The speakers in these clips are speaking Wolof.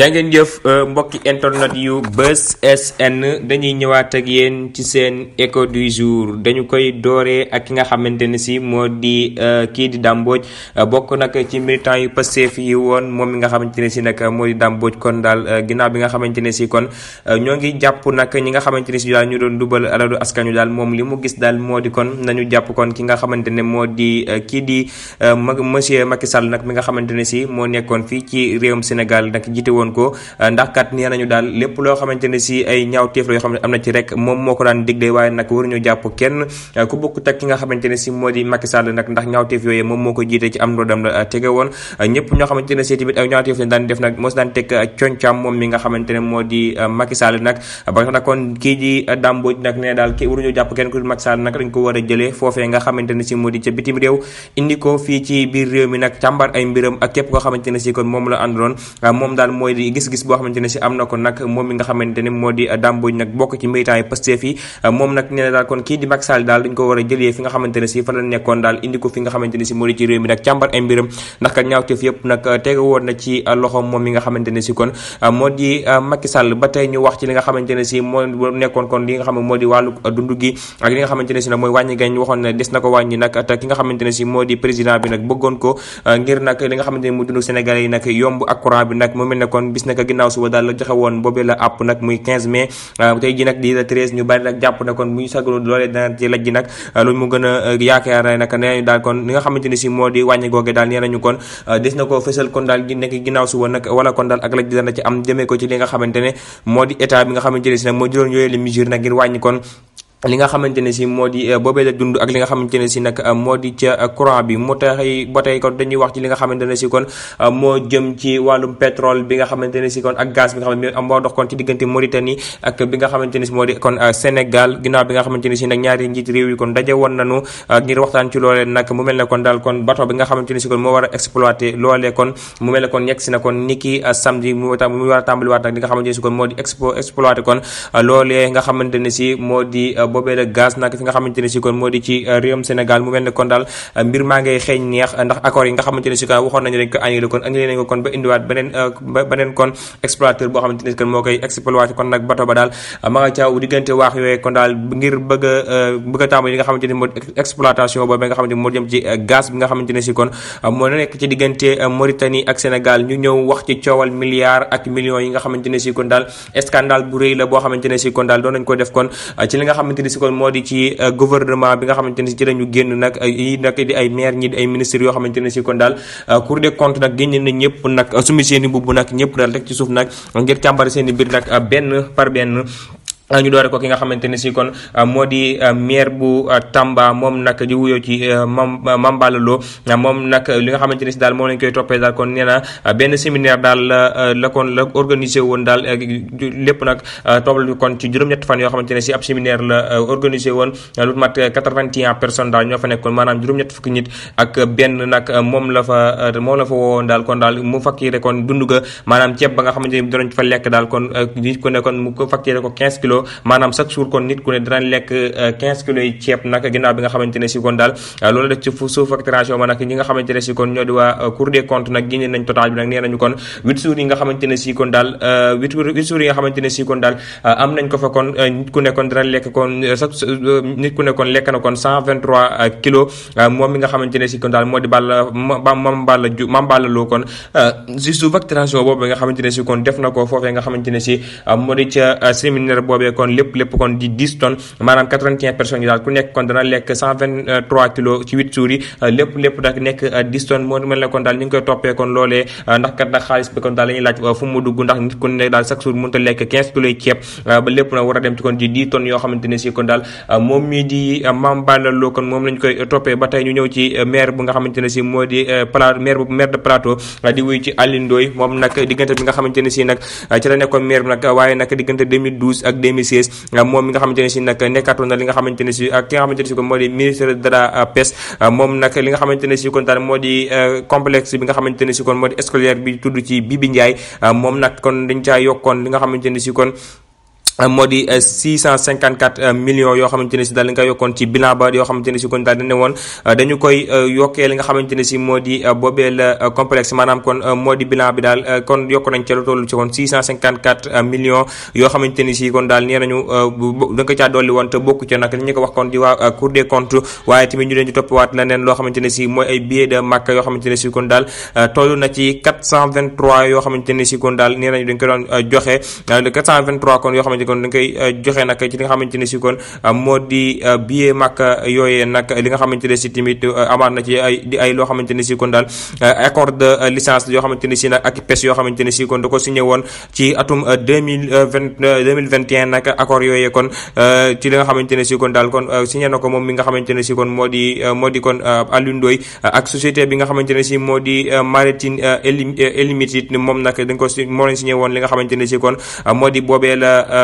jàngeen jëf euh, mbokki internet yu Buzz SN dañuy ñëwaat ak yéen ci seen écho du jour dañu koy dooree ak ki nga xamante ne si moo di euh, kii di dàmbooj euh, bokk nag ci militant yu Pastef yi woon moom mi nga xamante ne si nag moo di kon daal ginnaaw bi nga xamante ne si kon ñoo ngi jàpp nag ñi nga xamante ne si daal ñu doon dubal alalu askan wi daal moom li mu gis daal moo di kon nañu jàpp kon ki nga xamante ne moo di kii di monsieur Macky Sall nag mi nga xamante ne si moo nekkoon fii ci réewum Sénégal nag jiite woon mën ko eh, ndax kat nee nañu daal lépp loo xamante ne si ay ñaawteef la yoo xam ne na ci rek moom moo ko daan digle waaye nag waruñu jàpp kenn eh, ku bokk si moom la eh, tege a jëlee foofee nga xamante ne la moom daal mooy di gis-gis boo xamante si am na ko nag moom mi nga xamante moo di dàmbuñ nag ba tey ñu wax ci li nga xamante si moo di président bi nag bëggoon ko ah, ngir nag li nga xamante mu dund Sénégalais yi nag yomb ak bi nag mu mel ne kon bis naka ginnaaw suba daal la joxe woon boobee la nag muy 15 mai euh, tey ji nag di la 13 ñu bari nag jàpp na kon bu loolee dana ci loolu euh, mu gën a euh, yaakaar nag nee nañu daal kon li nga xamante ni si moo di wàññi googe daal nee nañu kon des na ko fësal kon daal nekk ginnaaw suba nag wala kon daal ak lajj dana ci am jëmee ko ci li nga xamante ne moo di état bi nga xamante ne si moo jëloon yooyee li mesure nag wàññi kon li nga xamante ne si moo di boobee la dund ak li nga xamante ne si nag moo di ca courant bi mu taxi ba tey kon li nga xamante ne si kon moo jëm ci wàllum pétrole bi nga xamante ne si ak ne moo dox kon ci diggante Mauritanie ak bi nga xamante ne si moo bi nga xamante ne si nag ñaari njiit réew yi kon daje woon nañu ngir waxtaan ci loolee nag mu mel kon daal kon bato bi nga xamante ne si a na kon ni li nga xamante ne si kon moo di expo kon loolee nga xamante ne si moo di boobee la gaz nag fi nga xamante ne si kon moo di ci euh, réewum Sénégal mu mel ne kon daal euh, mbir maa ngay xeeñ neex euh, ndax accord yi ba indiwaat beneen beneen kon explorateur boo xamante ne si kon moo ba daal ma nga caaw diggante waax yooyu kon daal ngir ne moo exploitation boobee nga xamante ne moo ne si kon moo nekk ci diggante Mauritanie ak Sénégal ñu ñëw wax ci coowal milliards ak millions yi nga xamante ne si kon daal scandale bu rëy la boo xamante ne si kon daal doon nañ ko def kon ci li nga xamante xamante ni si kon moo di ci euh, gouvernement bi nga xamante ni si ci lañu génn nag yi nag di ay maire ñi di ay ministres yoo xamante ne si kon daal euh, Cour des comptes nag génne na ñëpp nag euh, sumi seen i mbubb nag ñëpp daal rek ci suuf nag ngir càmbari seen i mbir nag benn par benn ñu doore ko ki nga xamante ne si kon euh, moo di euh, maire bu euh, Tamba moom nag di wuyoo ci mam Mambala moom nag li nga xamante ne si daal moom lañ koy toppee daal kon nee na benn séminaire daal la kon la organisé woon daal lépp nag toobal kon ci juróom-ñetti fan yoo xamante ne si ab séminaire la organisé woon lu mat quatre-vingt-un personnes ñoo fa nekkoon maanaam juróom-ñetti fukki nit ak la fa moom la daal kon daal mu fakkiire kon dund ga maanaam ceeb ba nga xamante ne doon fa lekk daal kon nit ku nekkoon mu ko fakkiire ko quinze kilos kilos maanaam chaque jour kon nit ku ne dinañ lekk 15 euh, kilos yi nag ginnaaw bi nga xamante ne kon daal euh, loolu def ci sous boobu nga xamante ne kon def na ko foofee nga xamante ne si euh, moo di ca séminaire boobee defee kon lépp lépp kon di 10 tonnes maanaam 81 personnes yi daal ku ci 8 jours lépp lépp nag nekk 10 euh, tonnes moo mel euh, euh, lekk 15 kilos yi ceeb ba lépp nag war dem ci kon di 10 tonnes yoo xamante si kon daal moom mii di Mame Balla Lo kon moom lañ koy toppee ba tey ñu ñëw ci maire bu nga xamante si moo di pla maire bu maire de plateau di ci Alioune moom nag diggante bi nga xamante si nag ci la nekkoon maire bi nag waaye nag diggante 2016 euh, moom mi nga xamante ne si nag nekkatoon na li nga xamante ne si euh, ki nga xamante ne si ko moo di ministre de la euh, moom nag li nga xamante ne si kon daal moo di complexe bi nga xamante ne si kon moo di scolaire bi tudd ci Bibi Ndiaye moom nag kon dañ caa yokkoon li nga xamante ne si kon moo di 654 euh, euh, millions yoo xamante ne yoo xamante ne kon daal nee nañu euh, da nga caa dolli woon te kon yoo xamante ne kon daal nee nañu dañ ko doon joxe 423 kon yoo xamante xamante kon dañ koy joxe nag ci li nga xamante ne kon eh, eh, eh, ne si tamit amaat loo xamante ne si kon daal accord de licence yoo xamante si nag ak pes yoo xamante ne si kon da ko signé woon ci atum deux mille vingt deux mille kon li nga xamante ne si kon daal kon signé na moom mi nga xamante ne si kon moo di moo di kon Alioune Ndoye ak société bi nga xamante ne si moo di Maritime Limited moom nag dañ ko si moo leen signé woon li nga xamante ne si kon moo di boobee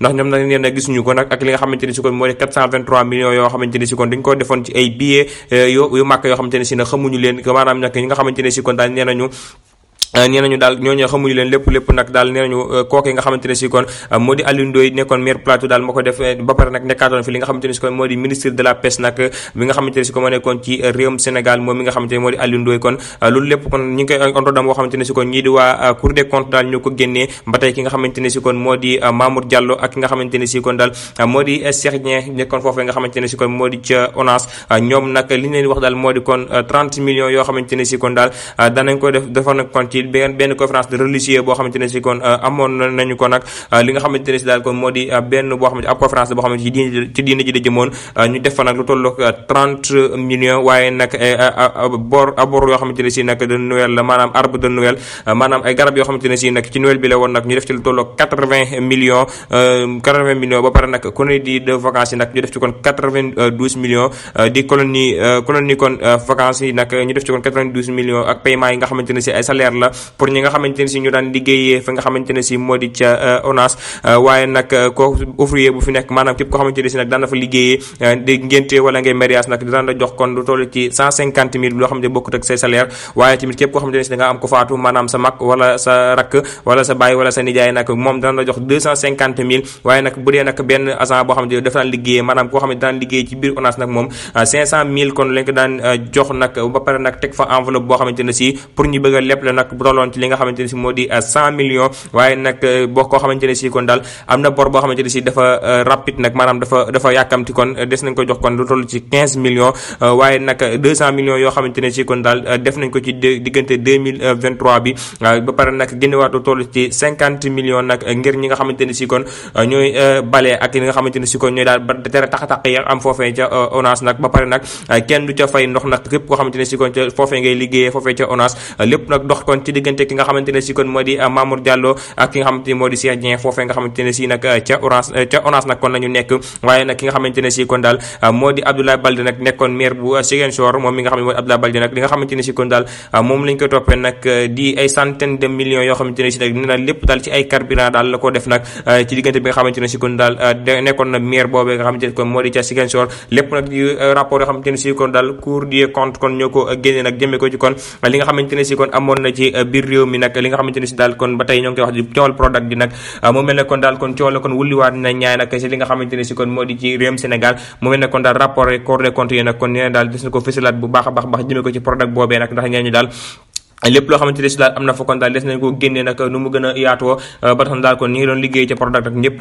ndax ñoom nag nee na gisuñu ko nag ak li nga xamante ni si kon moo di 423 millions yoo xamante ni si kon dañ ko defoon ci ay billets eh, yu yu màkk yoo xamante ne si na xamuñu leen ne si kon daal Euh, nee nañu daal ñooñu xamuñu leen lépp lépp nag daal nee nañu euh, kooku nga xamante ne kon euh, moo di Alioune Ndoye mi ak nga xamante ne kon daal moo di Cheikh nekkoon foofee nga xamante ne kon moo di ca ONAS ñoom nag li ñu wax daal moo di kon 30 millions yoo xamante ne kon daal danañ ko def defoon nag kon ci tamit benn benn conférence de religieux boo xamante ne si kon euh, amoon nañu ko nag euh, li nga xamante ne si daal kon moo di euh, benn boo xamante ab conférence boo xamante ji da jëmoon ñu def fa nag lu tollook trente millions waaye nag bor abor yoo xamante si nag de Noël la maanaam arbre de Noël maanaam ay garab yoo xamante ne si nag ci Noël bi la woon nag ñu def ci lu tollook quatre-vingts millions quatre-vingts millions ba pare nag colonie de vacances nag ñu def ci kon quatre vingt nga xamante ne si ay salaire la pour ñi nga xamante ne si ñu daan liggéeyee fi nga xamante ne si moo di ca euh, ONAS euh, euh, fa da nga am ko faatu maanaam sa mag wala sa rakk wala sa baay wala sa nijaay nag moom daan la jox deux cent cinquante mille waaye nag bu dee nag benn agent boo xam ne daan liggéeyee maanaam koo xam daan liggéey ci biir ONAS nag moom cinq cent mille kon lañ daan jox nag ba pare nag teg fa enveloppe boo xamante ne si pour ñu bëgg a la nag tolloon ci li nga xamante ne si moo di euh, cent millions waaye nag euh, boo koo xamante ne si kon daal am na bor boo xamante si euh, kon ko jox kon lu toll ci quinze millions waaye nag deux cent millions yoo xamante ne daal ba ñi nga xamante ne si kon ñooy bale ak si kon ba tere tax-tax ya am foofee ca ONAS nag ba pare nag kenn du ca fay ndox nag képp koo xamante si kon ca foofee ngay liggéeyee foofee ca ONAS lépp nag dox kon ci diggante ki nga xamante ne si kon moo di Mamour Diallo ak ki nga xamante ni si kon moo di Abdoulaye Balde nag nekkoon maire bu Ziguinchor moom mi moom lañ ko toppee nag di ay centaine de yoo xamante na si kon daal nekkoon na maire boobee nga xamante ne kon moo di ca Ziguinchor lépp nag di rapport yoo xamante ne si kon daal Cour des comptes kon ñoo ko génne nag jëmee ko ci kon li nga xamante ne si kon amoon na ci Eh, biir mi nag li nga xamante ni si daal kon ba tey ñoo ngi wax di coowal Prodac nag eh, mu mel kon daal kon coow la kon wulliwaat na ñaay nag si li nga xamante ni si kon moo di ci réewum Sénégal mu mel kon daal rapport Cour des comptes nag kon nee na daal des na ko fësalaat bu baax baax baax jëmee ko ci Prodac boobee nag ndax ñee daal lépp loo xamante ne si daal am na fa kon daal des nañ ko génnee nag nu mu gën a yaatoo euh, ba tax na daal kon ñi ngi doon ca Prodac nag ñëpp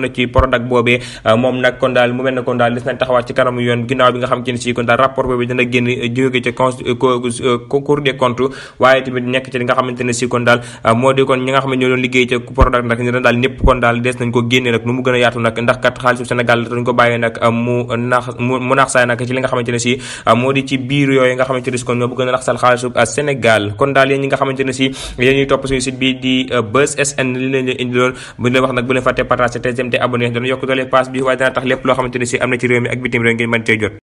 na ci Prodac boobee euh, moom nag kon daal mu mel kon daal des nañ taxawaat ci kanamu yoon ginnaaw bi nga xamante ne si kon daal moo di kon ñi nga xam ne ñoo doon Prodac nag ñu daal ñëpp kon daal des nañ ko génne nag nu mu gën a yaatu nag ndax kat xaalisu Sénégal dañ ko bàyyee nag euh, mu naax mu naax saay ci li nga xamante ne si euh, moo di ci biir yooyu nga xamante ne si kon euh, daal yéen ñi nga xamante ne si yéen ñuy topp suñu site bi di Buzz SN li leen leen indi bu leen wax nag bu leen fàtte partage te abonné dana yokk doole pass bi waaye dana tax lépp loo xamante ne si am na ci réew ak bitim réew ngeen